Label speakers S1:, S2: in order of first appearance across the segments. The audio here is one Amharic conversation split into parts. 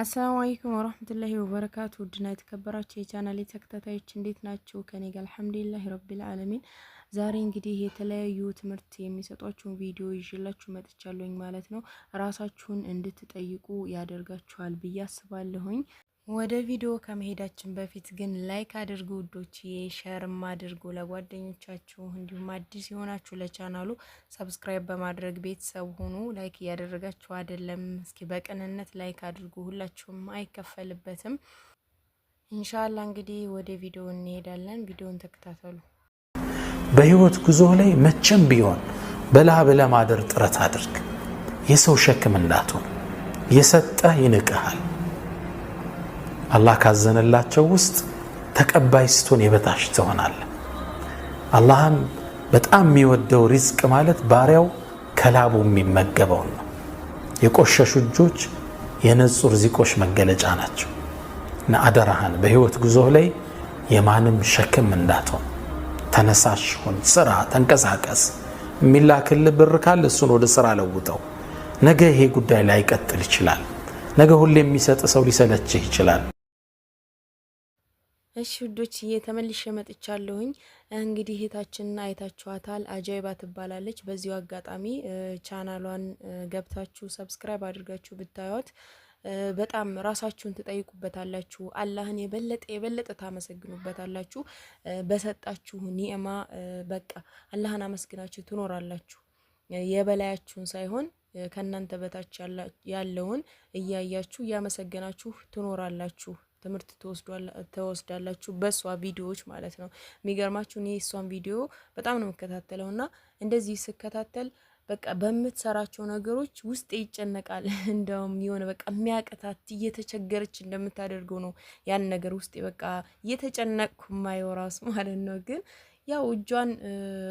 S1: አሰላሙ አለይኩም ወራህመቱላሂ ወበረካቱ። ውድና የተከበራችሁ የቻናሌ ተከታታዮች እንዴት ናችሁ? ከኔ ጋር አልሐምዱሊላሂ ረቢል ዓለሚን። ዛሬ እንግዲህ የተለያዩ ትምህርት የሚሰጧችሁን ቪዲዮ ይዤላችሁ መጥቻለሁኝ ማለት ነው። ራሳችሁን እንድትጠይቁ ያደርጋችኋል ብዬ አስባለሁኝ። ወደ ቪዲዮ ከመሄዳችን በፊት ግን ላይክ አድርጉ ውዶችዬ፣ ሸርም አድርጉ ለጓደኞቻችሁ፣ እንዲሁም አዲስ የሆናችሁ ለቻናሉ ሰብስክራይብ በማድረግ ቤተሰብ ሆኑ። ላይክ እያደረጋችሁ አይደለም፣ እስኪ በቅንነት ላይክ አድርጉ። ሁላችሁም አይከፈልበትም። እንሻላ እንግዲህ ወደ ቪዲዮ እንሄዳለን። ቪዲዮን ተከታተሉ።
S2: በህይወት ጉዞ ላይ መቼም ቢሆን በላብ ለማደር ጥረት አድርግ። የሰው ሸክም እንዳትሆን። የሰጠ ይንቅሃል አላህ ካዘነላቸው ውስጥ ተቀባይ ስትሆን የበታሽ ትሆናለ። አላህን በጣም የሚወደው ሪዝቅ ማለት ባሪያው ከላቡ የሚመገበውን ነው። የቆሸሹ እጆች የነጹ ርዚቆች መገለጫ ናቸው። እና አደራህን በህይወት ጉዞህ ላይ የማንም ሸክም እንዳትሆን ተነሳሽ ሁን፣ ስራ፣ ተንቀሳቀስ። የሚላክልህ ብር ካለ እሱን ወደ ስራ ለውጠው። ነገ ይሄ ጉዳይ ላይቀጥል ይችላል። ነገ ሁሌ የሚሰጥ ሰው ሊሰለችህ ይችላል።
S1: እሺ ውዶችዬ ተመልሼ መጥቻለሁኝ። እንግዲህ እህታችንን አይታችኋታል፣ አጃይባ ትባላለች። በዚሁ አጋጣሚ ቻናሏን ገብታችሁ ሰብስክራይብ አድርጋችሁ ብታዩት በጣም ራሳችሁን ትጠይቁበታላችሁ። አላህን የበለጠ የበለጠ ታመሰግኑበታላችሁ። በሰጣችሁ ኒዕማ በቃ አላህን አመስግናችሁ ትኖራላችሁ። የበላያችሁን ሳይሆን ከእናንተ በታች ያለውን እያያችሁ እያመሰገናችሁ ትኖራላችሁ። ትምህርት ተወስዳላችሁ በእሷ ቪዲዮዎች ማለት ነው። የሚገርማችሁ እኔ እሷን ቪዲዮ በጣም ነው የምከታተለው እና እንደዚህ ስከታተል በቃ በምትሰራቸው ነገሮች ውስጥ ይጨነቃል። እንደውም የሆነ በቃ የሚያቅታት እየተቸገረች እንደምታደርገው ነው ያን ነገር ውስጥ በቃ እየተጨነቅኩ ማየው ራሱ ማለት ነው ግን ያው እጇን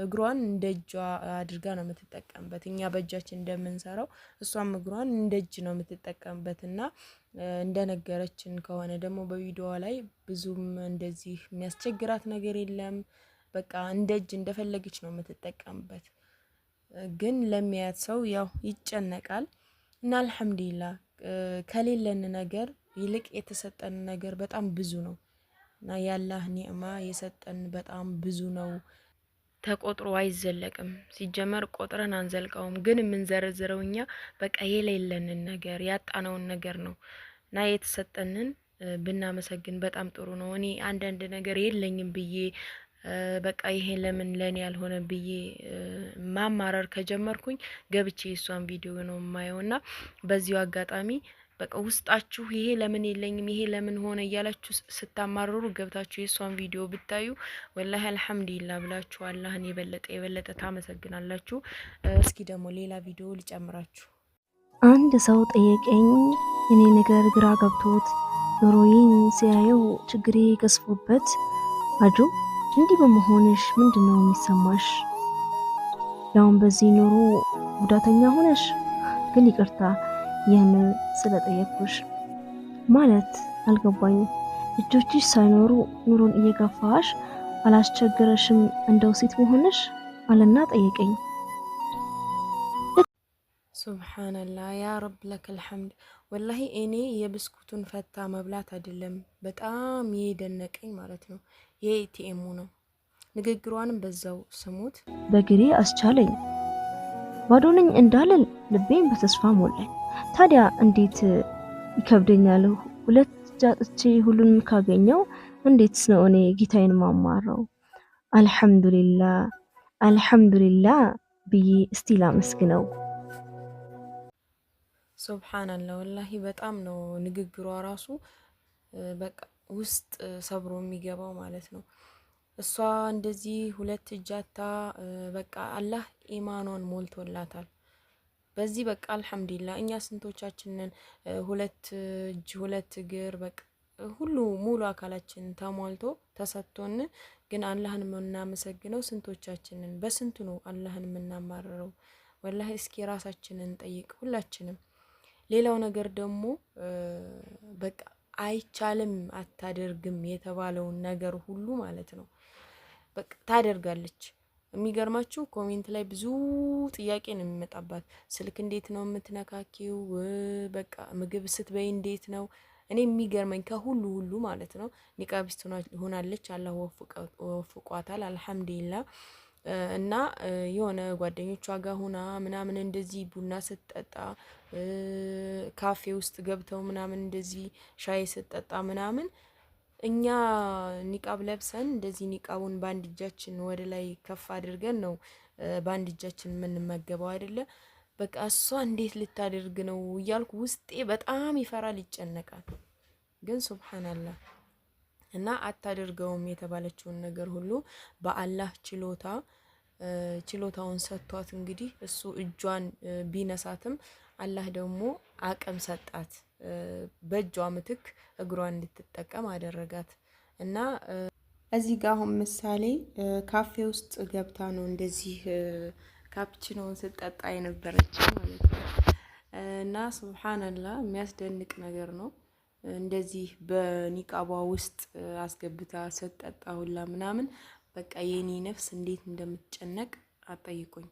S1: እግሯን እንደ እጇ አድርጋ ነው የምትጠቀምበት። እኛ በእጃችን እንደምንሰራው እሷም እግሯን እንደ እጅ ነው የምትጠቀምበት እና እንደነገረችን ከሆነ ደግሞ በቪዲዮዋ ላይ ብዙም እንደዚህ የሚያስቸግራት ነገር የለም። በቃ እንደ እጅ እንደፈለገች ነው የምትጠቀምበት። ግን ለሚያያት ሰው ያው ይጨነቃል እና አልሐምዱሊላህ ከሌለን ነገር ይልቅ የተሰጠን ነገር በጣም ብዙ ነው። እና ያላህ ኒዕማ የሰጠን በጣም ብዙ ነው፣ ተቆጥሮ አይዘለቅም። ሲጀመር ቆጥረን አንዘልቀውም፣ ግን የምንዘረዝረው እኛ በቃ የሌለንን ነገር ያጣነውን ነገር ነው እና የተሰጠንን ብናመሰግን በጣም ጥሩ ነው። እኔ አንዳንድ ነገር የለኝም ብዬ በቃ ይሄ ለምን ለኔ ያልሆነ ብዬ ማማረር ከጀመርኩኝ ገብቼ የእሷን ቪዲዮ ነው የማየው እና በዚሁ አጋጣሚ በቃ ውስጣችሁ ይሄ ለምን የለኝም ይሄ ለምን ሆነ እያላችሁ ስታማርሩ ገብታችሁ የእሷን ቪዲዮ ብታዩ ወላሂ አልሐምዱሊላ ብላችሁ አላህን የበለጠ የበለጠ ታመሰግናላችሁ። እስኪ ደግሞ ሌላ ቪዲዮ ልጨምራችሁ።
S3: አንድ ሰው ጠየቀኝ። እኔ ነገር ግራ ገብቶት ኑሮዬን ሲያየው ችግሬ ገዝፎበት አጆ እንዲህ በመሆንሽ ምንድን ነው የሚሰማሽ? ያውን በዚህ ኑሮ ጉዳተኛ ሆነሽ ግን ይቅርታ ይህንን ስለጠየኩሽ ማለት አልገባኝም። እጆችሽ ሳይኖሩ ኑሮን እየገፋሽ አላስቸገረሽም እንደው ሴት መሆንሽ አለና ጠየቀኝ።
S1: ሱብሓነላህ ያ ረብ ለከል ሐምድ። ወላሂ እኔ የብስኩቱን ፈታ መብላት አይደለም በጣም የደነቀኝ ማለት ነው የኤቲኤሙ ነው። ንግግሯንም በዛው ስሙት።
S3: በግሬ አስቻለኝ ባዶነኝ እንዳልል ልቤን በተስፋ ሞላኝ። ታዲያ እንዴት ይከብደኛል? ሁለት እጅ አጥቼ ሁሉንም ካገኘው እንዴትስ ነው እኔ ጌታዬን ማማረው? አልሐምዱሊላ አልሐምዱሊላ ብዬ እስቲ ላመስግነው።
S1: ሱብሓናላ ወላሂ በጣም ነው ንግግሯ ራሱ በቃ ውስጥ ሰብሮ የሚገባው ማለት ነው። እሷ እንደዚህ ሁለት እጃታ በቃ አላህ ኢማኗን ሞልቶላታል። በዚህ በቃ አልሐምዱሊላ እኛ ስንቶቻችንን ሁለት እጅ ሁለት እግር በቃ ሁሉ ሙሉ አካላችን ተሟልቶ ተሰጥቶን ግን አላህን የምናመሰግነው ስንቶቻችንን በስንቱ ነው አላህን የምናማርረው? ወላሂ እስኪ ራሳችንን ጠይቅ ሁላችንም። ሌላው ነገር ደግሞ በቃ አይቻልም አታደርግም የተባለውን ነገር ሁሉ ማለት ነው በቃ ታደርጋለች። የሚገርማችሁ ኮሜንት ላይ ብዙ ጥያቄ ነው የሚመጣባት። ስልክ እንዴት ነው የምትነካኪው? በቃ ምግብ ስትበይ እንዴት ነው? እኔ የሚገርመኝ ከሁሉ ሁሉ ማለት ነው ኒቃቢስት ሆናለች። አላህ ወፍቋታል፣ አልሐምዱሊላ እና የሆነ ጓደኞቿ ጋር ሁና ምናምን እንደዚህ ቡና ስትጠጣ ካፌ ውስጥ ገብተው ምናምን እንደዚህ ሻይ ስትጠጣ ምናምን እኛ ኒቃብ ለብሰን እንደዚህ ኒቃቡን በአንድ እጃችን ወደ ላይ ከፍ አድርገን ነው በአንድ እጃችን የምንመገበው አይደለ? በቃ እሷ እንዴት ልታደርግ ነው እያልኩ ውስጤ በጣም ይፈራል፣ ይጨነቃል። ግን ሱብሃናላህ እና አታደርገውም የተባለችውን ነገር ሁሉ በአላህ ችሎታ ችሎታውን ሰጥቷት እንግዲህ እሱ እጇን ቢነሳትም አላህ ደግሞ አቅም ሰጣት። በእጇ ምትክ እግሯን እንድትጠቀም አደረጋት እና እዚህ ጋ አሁን ምሳሌ ካፌ ውስጥ ገብታ ነው እንደዚህ ካፕችኖን ስጠጣ የነበረች ማለት ነው። እና ስብሓንላ የሚያስደንቅ ነገር ነው። እንደዚህ በኒቃቧ ውስጥ አስገብታ ስጠጣ ሁላ ምናምን በቃ የኔ ነፍስ እንዴት እንደምትጨነቅ አጠይቁኝ።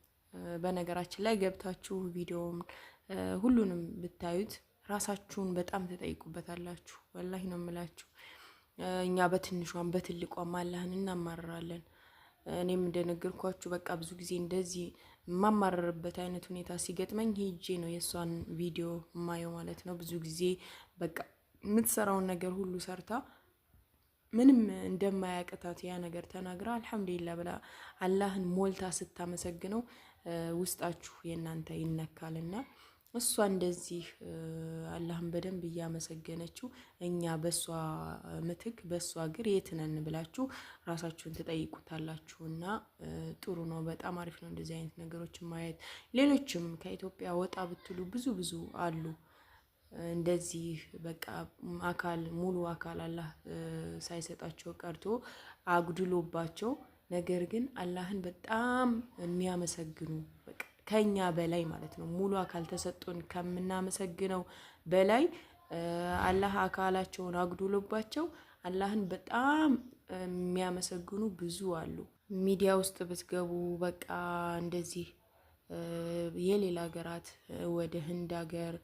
S1: በነገራችን ላይ ገብታችሁ ቪዲዮም ሁሉንም ብታዩት ራሳችሁን በጣም ትጠይቁበታላችሁ። ወላሂ ነው የምላችሁ። እኛ በትንሿም በትልቋም አላህን እናማርራለን። እኔም እንደነገርኳችሁ በቃ ብዙ ጊዜ እንደዚህ የማማረርበት አይነት ሁኔታ ሲገጥመኝ ሄጄ ነው የእሷን ቪዲዮ ማየው ማለት ነው። ብዙ ጊዜ በቃ የምትሰራውን ነገር ሁሉ ሰርታ ምንም እንደማያቅታት ያ ነገር ተናግራ አልሐምዱሊላ ብላ አላህን ሞልታ ስታመሰግነው ውስጣችሁ የእናንተ ይነካልና እሷ እንደዚህ አላህን በደንብ እያመሰገነችው እኛ በእሷ ምትክ በእሷ እግር የት ነን ብላችሁ ራሳችሁን እና ጥሩ ነው። በጣም አሪፍ ነው እንደዚህ አይነት ነገሮችን ማየት። ሌሎችም ከኢትዮጵያ ወጣ ብትሉ ብዙ ብዙ አሉ እንደዚህ በቃ አካል ሙሉ አካል አላህ ሳይሰጣቸው ቀርቶ አጉድሎባቸው ነገር ግን አላህን በጣም የሚያመሰግኑ ከኛ በላይ ማለት ነው። ሙሉ አካል ተሰጡን ከምናመሰግነው በላይ አላህ አካላቸውን አጉድሎባቸው አላህን በጣም የሚያመሰግኑ ብዙ አሉ። ሚዲያ ውስጥ ብትገቡ በቃ እንደዚህ የሌላ ሀገራት ወደ ህንድ ሀገር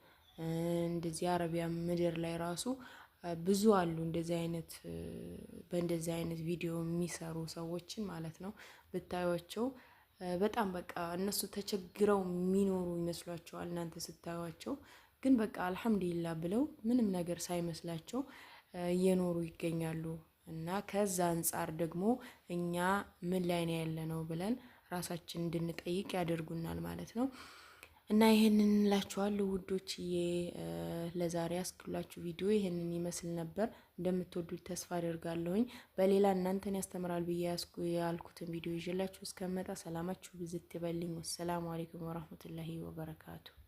S1: እንደዚህ አረቢያ ምድር ላይ ራሱ ብዙ አሉ እንደዚህ አይነት በእንደዚህ አይነት ቪዲዮ የሚሰሩ ሰዎችን ማለት ነው ብታዩቸው በጣም በቃ እነሱ ተቸግረው የሚኖሩ ይመስሏቸዋል እናንተ ስታዩቸው። ግን በቃ አልሐምዱሊላ ብለው ምንም ነገር ሳይመስላቸው እየኖሩ ይገኛሉ። እና ከዛ አንጻር ደግሞ እኛ ምን ላይ ነው ያለነው ብለን ራሳችን እንድንጠይቅ ያደርጉናል ማለት ነው። እና ይሄንን እንላችኋለሁ ውዶችዬ። ለዛሬ ያስክላችሁ ቪዲዮ ይህንን ይመስል ነበር። እንደምትወዱት ተስፋ አደርጋለሁኝ። በሌላ እናንተን ያስተምራል ብዬ ያስኩ ያልኩትን ቪዲዮ ይዤላችሁ እስከመጣ ሰላማችሁ ብዝት ይበልኝ። ወሰላሙ አሌይኩም ወራህመቱላሂ ወበረካቱ